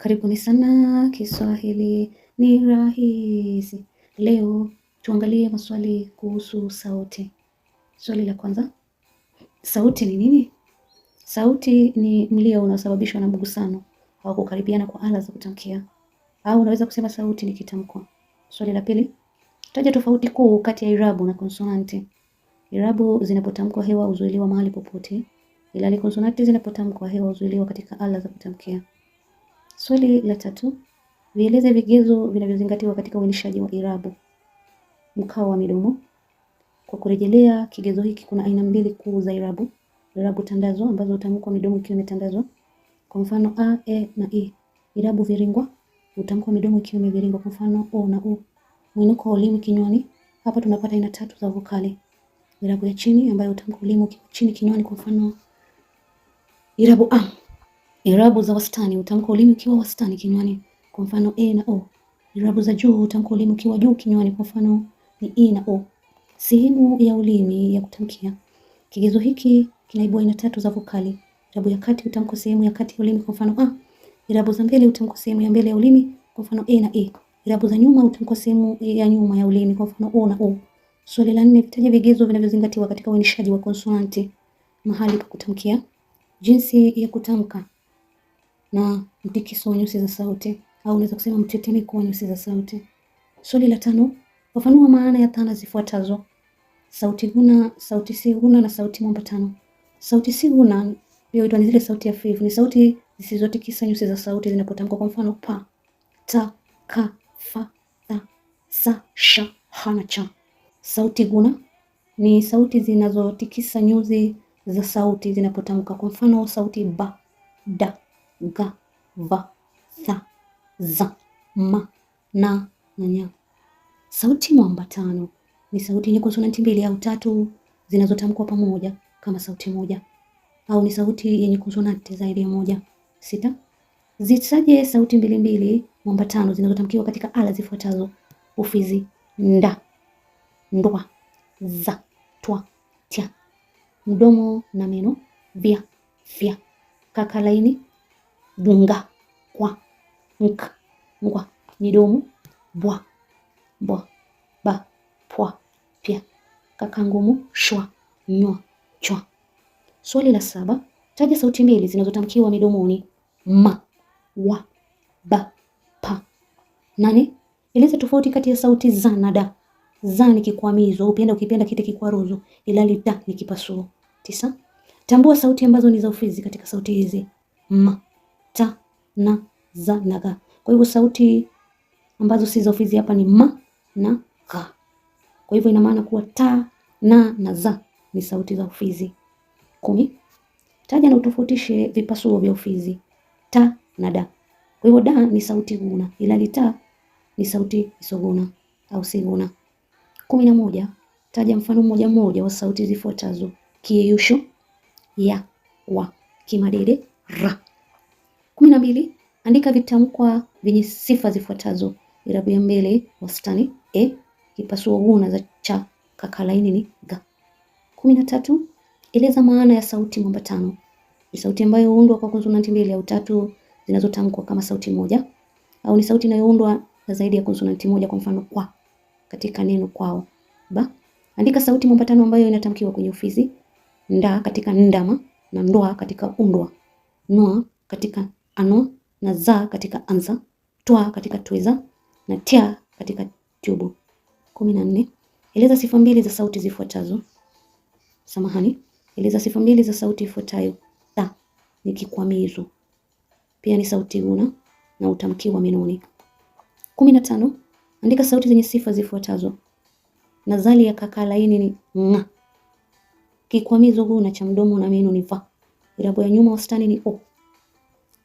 Karibuni sana Kiswahili ni rahisi. Leo tuangalie maswali kuhusu sauti. Swali la kwanza, sauti ni nini? Sauti ni mlio unaosababishwa na mgusano au kukaribiana kwa ala za kutamkia, au unaweza kusema sauti ni kitamko. Swali la pili, taja tofauti kuu kati ya irabu na konsonanti. Irabu zinapotamkwa hewa huzuiliwa mahali popote, ni konsonanti zinapotamkwa hewa huzuiliwa katika ala za kutamkia. Swali la tatu, vieleze vigezo vinavyozingatiwa katika uainishaji wa irabu. Mkao wa midomo. Kwa kurejelea kigezo hiki, kuna aina mbili kuu za irabu: irabu tandazo ambazo hutamkwa midomo ikiwa imetandazwa, kwa mfano a, e na i; e. irabu viringwa hutamkwa midomo ikiwa imeviringwa, kwa mfano o na u; mwinuko wa ulimi kinywani, hapa tunapata aina tatu za vokali: irabu ya chini ambayo hutamkwa ulimi chini kinywani, kwa mfano irabu a. ah. Irabu za wastani utamka ulimi ukiwa wastani kinywani, kwa mfano e na o. Irabu za juu utamka ulimi ukiwa juu kinywani, kwa mfano ni i e na o. Sehemu ya ulimi ya kutamkia. Kigezo hiki kinaibua aina tatu za vokali. Irabu ya kati utamka sehemu ya kati ya ulimi, kwa mfano a. Irabu za mbele utamka sehemu ya mbele ya ulimi, kwa mfano e na e. Irabu za nyuma utamka sehemu ya nyuma ya ulimi, kwa mfano o na o. Swali la nne, vitaje vigezo vinavyozingatiwa katika uainishaji wa konsonanti. Mahali pa kutamkia. Jinsi ya kutamka na mtikiso wa nyuzi za sauti, au unaweza kusema mtetemeko wa nyuzi za sauti. Swali la tano, fafanua maana ya dhana zifuatazo: sauti guna, sauti si guna na sauti mwambatano. Sauti si guna huitwa ni zile sauti ya hafifu, ni sauti zisizotikisa nyuzi za sauti zinapotamkwa. Kwa mfano pa, ta, ka, fa, ta, sa, sha, ha na cha. Sauti guna ni sauti zinazotikisa nyuzi za sauti zinapotamka. Kwa mfano sauti ba, da ga va tha za ma na na nya. Sauti mwambatano ni sauti yenye konsonanti mbili au tatu zinazotamkwa pamoja kama sauti moja au ni sauti yenye konsonanti zaidi ya moja. Sita, zitaje sauti mbili mbili mwambatano zinazotamkiwa katika ala zifuatazo: ufizi, nda, ndwa, za, twa, tya. Mdomo na meno, vya, fya. Kaka laini, nga kwa nk ngwa midomo bwa mbwa ba pwa pia kaka ngumu shwa nywa chwa. Swali la saba, taja sauti mbili zinazotamkiwa midomoni ma wa ba pa. Nane, eleza tofauti kati ya sauti za na da. Za ni kikwamizo, upenda ukipenda kite kikwaruzo, ilali da ni kipasuo. Tisa, tambua sauti ambazo ni za ufizi katika sauti hizi ma ta, na, za na ga. Kwa hivyo sauti ambazo si za fizi hapa ni ma na ga. Kwa hivyo ina maana kuwa ta, na na za ni sauti za ufizi. Kumi. Taja na utofautishe vipasuo vya ufizi ta na da. Kwa hivyo da ni sauti guna, ilhali ta ni sauti isoguna au siguna. Kumi na moja. Taja mfano mmoja mmoja wa sauti zifuatazo: kiyeyusho, ya, wa, kimadede, ra kumi na mbili. Andika vitamkwa vyenye sifa zifuatazo: irabu ya mbele wastani e, kipasuo huu na za cha, kaka laini ni ga. kumi na tatu. Eleza maana ya sauti mwambatano. Ni sauti ambayo huundwa kwa konsonanti mbili au tatu zinazotamkwa kama sauti moja, au ni sauti inayoundwa na zaidi ya konsonanti moja, kwa mfano kwa katika neno kwao. Ba. Andika sauti mwambatano ambayo inatamkiwa kwenye ufizi: nda katika ndama na ndoa katika undwa, nwa katika ano na za katika ansa, twa katika tweza na tia katika tubu. kumi na nne. Eleza sifa mbili za sauti zifuatazo. Samahani, eleza sifa mbili za sauti ifuatayo. Ta ni kikwamizo, pia ni sauti una na utamkiwa menoni. kumi na tano. Andika sauti zenye sifa zifuatazo. Nazali ya kaka laini ni ng. kikwamizo huu na cha mdomo na meno ni va, irabu ya nyuma wastani ni o Oh.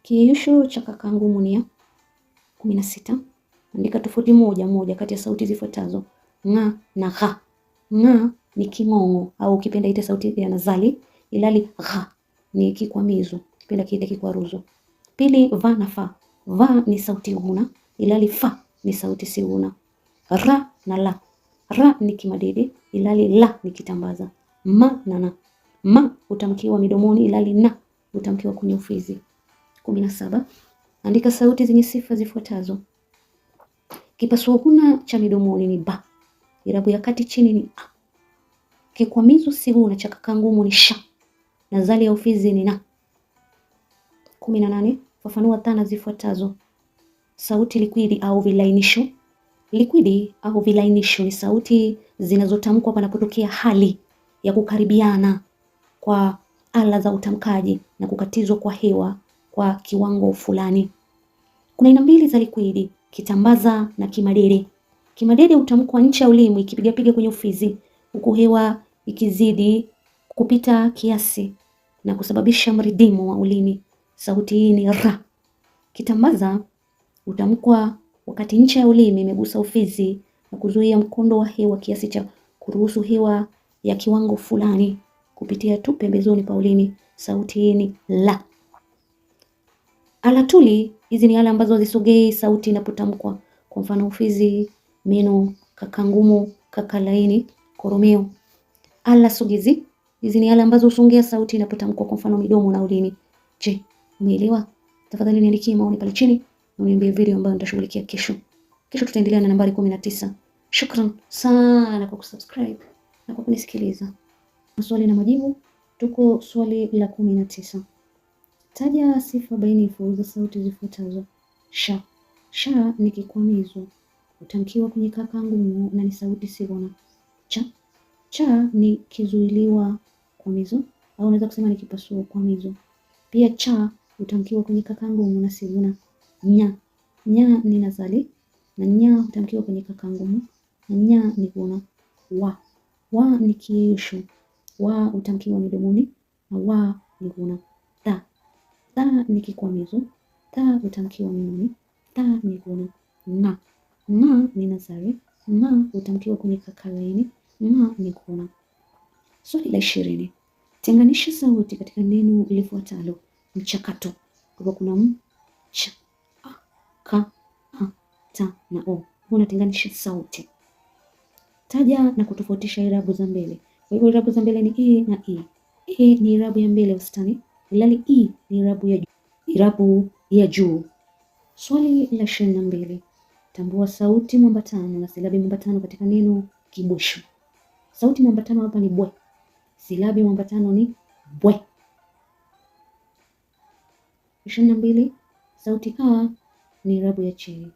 Kiyeyusho cha kakangu Munia ni kumi na sita. Andika tofauti moja moja kati ya sauti zifuatazo nga na gha. Nga ni king'ong'o au ukipenda ita sauti ya nazali, ilali gha ni kikwamizo, ukipenda kiita kikwaruzo. Pili, va na fa. Va ni sauti una, ilali fa ni sauti si una. Ra na la. Ra ni kimadidi, ilali la ni kitambaza. Ma na na. Ma utamkiwa midomoni, ilali na utamkiwa kwenye ufizi kumi na saba andika sauti zenye sifa zifuatazo. Kipasuo Kipasuahuna cha midomoni ni ba, irabu ya kati chini ni a, kikwamizo sihuna cha kaka ngumu ni sha, na zali ya ufizi ni na. kumi na nane fafanua tana zifuatazo. Sauti likwidi au vilainisho. Likwidi au vilainisho ni sauti zinazotamkwa panapotokea hali ya kukaribiana kwa ala za utamkaji na kukatizwa kwa hewa kwa kiwango fulani. Kuna aina mbili za likwidi, kitambaza na kimadere. Kimadere hutamkwa ncha ya ulimi ikipigapiga kwenye ufizi, huku hewa ikizidi kupita kiasi na kusababisha mridimo wa ulimi. Sauti hii ni ra. Kitambaza hutamkwa wakati ncha ya ulimi imegusa ufizi na kuzuia mkondo wa hewa kiasi cha kuruhusu hewa ya kiwango fulani kupitia tu pembezoni pa ulimi. Sauti hii ni la. Ala tuli hizi ni ala ambazo hazisogei sauti inapotamkwa. Kwa mfano ufizi, meno, kaka ngumu, kaka laini, koromeo. Ala sogezi hizi ni ala ambazo husongea sauti inapotamkwa, kwa mfano midomo na ulimi. Je, umeelewa? Tafadhali niandikie maoni pale chini na uniambie video ambayo nitashughulikia kesho. Kesho tutaendelea na nambari 19. Shukran sana kwa kusubscribe na kwa kunisikiliza. Maswali na majibu, tuko swali la kumi na tisa. Taja sifa bainifu za sauti zifuatazo. Sha. Sha ni kikwamizo hutamkiwa kwenye kaka ngumu na ni sauti sigona. Cha. Cha ni kizuiliwa kwamizo au unaweza kusema ni kipasuo kwamizo. Pia cha hutamkiwa kwenye kaka ngumu na sigona. Nya. Nya ni nazali na nya hutamkiwa kwenye kaka ngumu na nya ni gona. Wa. Wa ni kiisho. Wa hutamkiwa midomoni na wa ni gona ta ni kikwamizo, ta hutamkiwa mimi, ta ni gona, na na ni nasari, na hutamkiwa kwenye kakalaini, na ni gona. Swali la ishirini, tenganisha sauti katika neno lifuatalo mchakato. Kwa kuna m ch a ka a ta na o, unatenganisha sauti. Taja na kutofautisha irabu za mbele. Kwa hivyo irabu za mbele ni e na i. E. e ni irabu ya mbele wastani ilali i ni irabu ya juu, irabu ya juu. Swali la ishirini na mbili tambua sauti mwambatano na silabi mwambatano katika neno kibushu. Sauti mwambatano hapa ni bwe, silabi mwambatano ni bwe. ishirini na mbili sauti a ni irabu ya chini.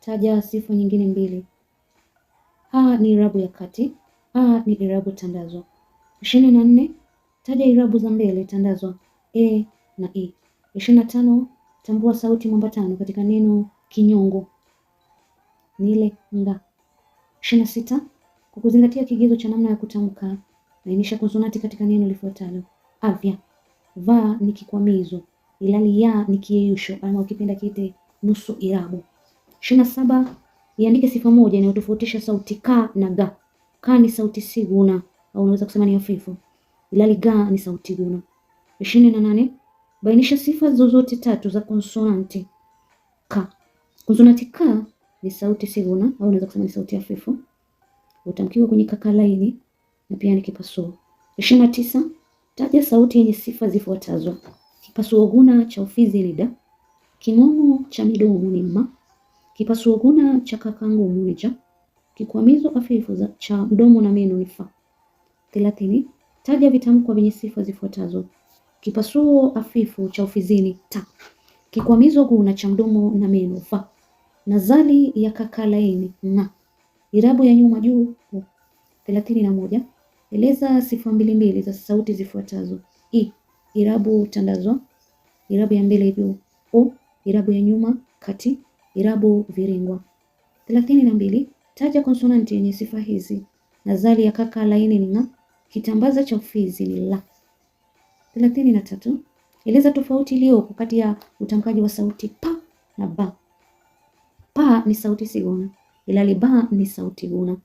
Taja sifa nyingine mbili. A ni irabu ya kati, a ni irabu tandazwa. ishirini na nne taja irabu za mbele tandazo e na e. ishirini na tano. Tambua sauti tano katika neno kinyongo ni ile nga. ishirini na sita. Kwa kuzingatia kigezo cha namna ya kutamka, bainisha konsonanti katika neno lifuatalo: avya, va ni kikwamizo, ilali ya ni kiyeyusho, ama ukipenda kite nusu irabu. ishirini na saba. Iandike sifa moja inayotofautisha sauti ka na ga. Ka ni sauti si guna, au unaweza kusema ni hafifu, ilali ga ni sauti guna ishirini na nane. Bainisha sifa zozote tatu za konsonanti k. Konsonanti k ni sauti siguna au unaweza kusema ni sauti hafifu, utamkiwa kwenye kaka laini na pia ni kipasuo. ishirini na tisa. Taja sauti yenye sifa zifuatazo: kipasuo guna cha ufizi ni da, king'ong'o cha midomo ni ma, kipasuo guna cha kaka ngumu ni ja, kikwamizo hafifu cha mdomo na meno ni fa. thelathini. Taja vitamko vyenye sifa zifuatazo: Kipasuo hafifu cha ufizini ta. Kikwamizo guna cha mdomo na meno fa. Nazali ya kaka laini na. Irabu ya nyuma juu u. thelathini na moja. Eleza sifa mbili mbili za sauti zifuatazo: i irabu tandazo, irabu ya mbele juu, o irabu ya nyuma kati, irabu viringwa. thelathini na mbili. Taja konsonanti yenye sifa hizi: nazali ya kaka laini ni ng'a, kitambaza cha ufizi ni la thelathini na tatu. Eleza tofauti iliyopo kati ya utamkaji wa sauti pa na ba. Pa ni sauti siguna ilhali ba ni sauti guna.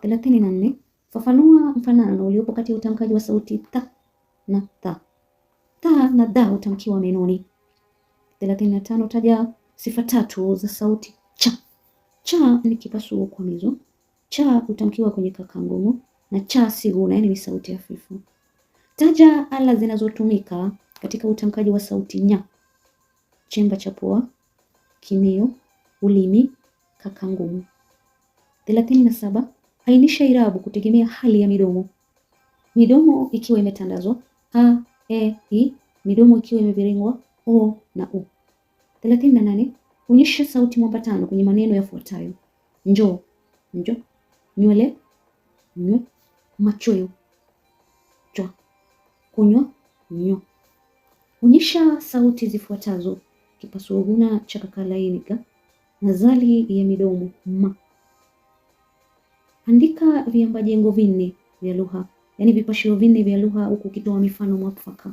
thelathini na nne. Fafanua mfanano uliopo kati ya utamkaji wa sauti ta na ta. Ta na da hutamkiwa menoni. thelathini na tano. Taja sifa tatu za sauti cha. Cha ni kipasuo kwa mizo. Cha hutamkiwa kwenye kakangumu na cha siguna, yani ni sauti hafifu. Taja ala zinazotumika katika utamkaji wa sauti nya: chemba cha pua, kimeo, ulimi, kaka ngumu. thelathini na saba. Ainisha irabu kutegemea hali ya midomo. Midomo ikiwa imetandazwa a, e, i; midomo ikiwa imeviringwa o na u. thelathini na nane. Onyesha sauti mwambatano kwenye maneno yafuatayo: njoo, njo, nywele, nywe, machweo kunywa nyo. Onyesha sauti zifuatazo: kipasuguna cha kakalainika, nazali ya midomo ma. Andika viambajengo vinne vya lugha, yaani vipashio vinne vya lugha, huku ukitoa mifano mwafaka.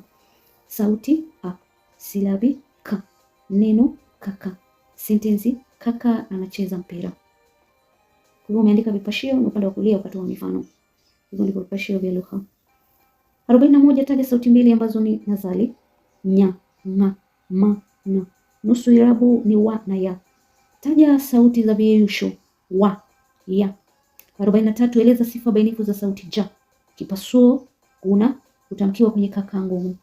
Sauti a, silabi ka, neno kaka, sentensi kaka anacheza mpira. Kwa hiyo umeandika vipashio na upande wa kulia ukatoa mifano. Hivyo ndivyo vipashio vya lugha arobaini na moja. Taja sauti mbili ambazo ni nazali nya, ma ma, na. Nusu irabu ni wa na ya. Taja sauti za viyeyusho wa, ya. arobaini na tatu. Eleza sifa bainifu za sauti ja. Kipasuo kuna hutamkiwa kwenye kaka ngumu.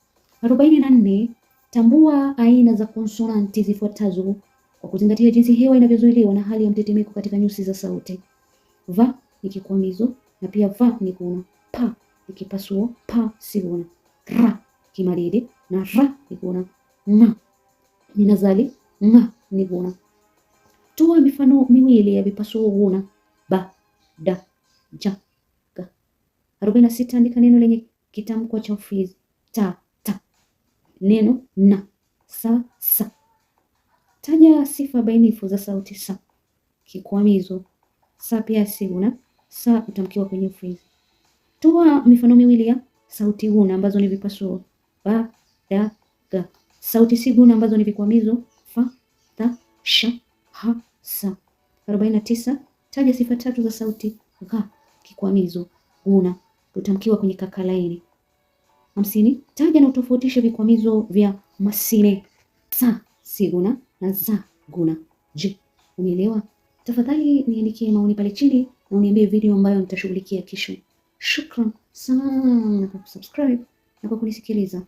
arobaini na nne. Tambua aina za konsonanti zifuatazo kwa kuzingatia jinsi hewa inavyozuiliwa na hali ya mtetemeko katika nyusi za sauti. Va ni kikwamizo na pia va ni kuna. Pa ikipasua pa sikuona ra kimaridi na ra nikuona na ninazali na nikuona. Toa mifano miwili ya vipasuo guna ba da ja ga. arobaini na sita. Andika neno lenye kitamko cha ufizi ta ta, neno na sa sa. Taja sifa bainifu za sauti sa. Kikwamizo sa pia siguna sa utamkiwa kwenye ufizi Toa mifano miwili ya sauti guna ambazo ni vipasuo ba, da, ga. Sauti si guna ambazo ni vikwamizo fa, ta, sha, ha, sa. 49. Taja sifa tatu za sauti ga kikwamizo guna utamkiwa kwenye kaka laini. Hamsini. Taja na utofautishe vikwamizo vya masine sa si guna na za guna. Je, umeelewa? Tafadhali niandikie maoni pale chini na uniambie video ambayo nitashughulikia kesho. Shukran sana kwa kusubscribe na kwa kunisikiliza.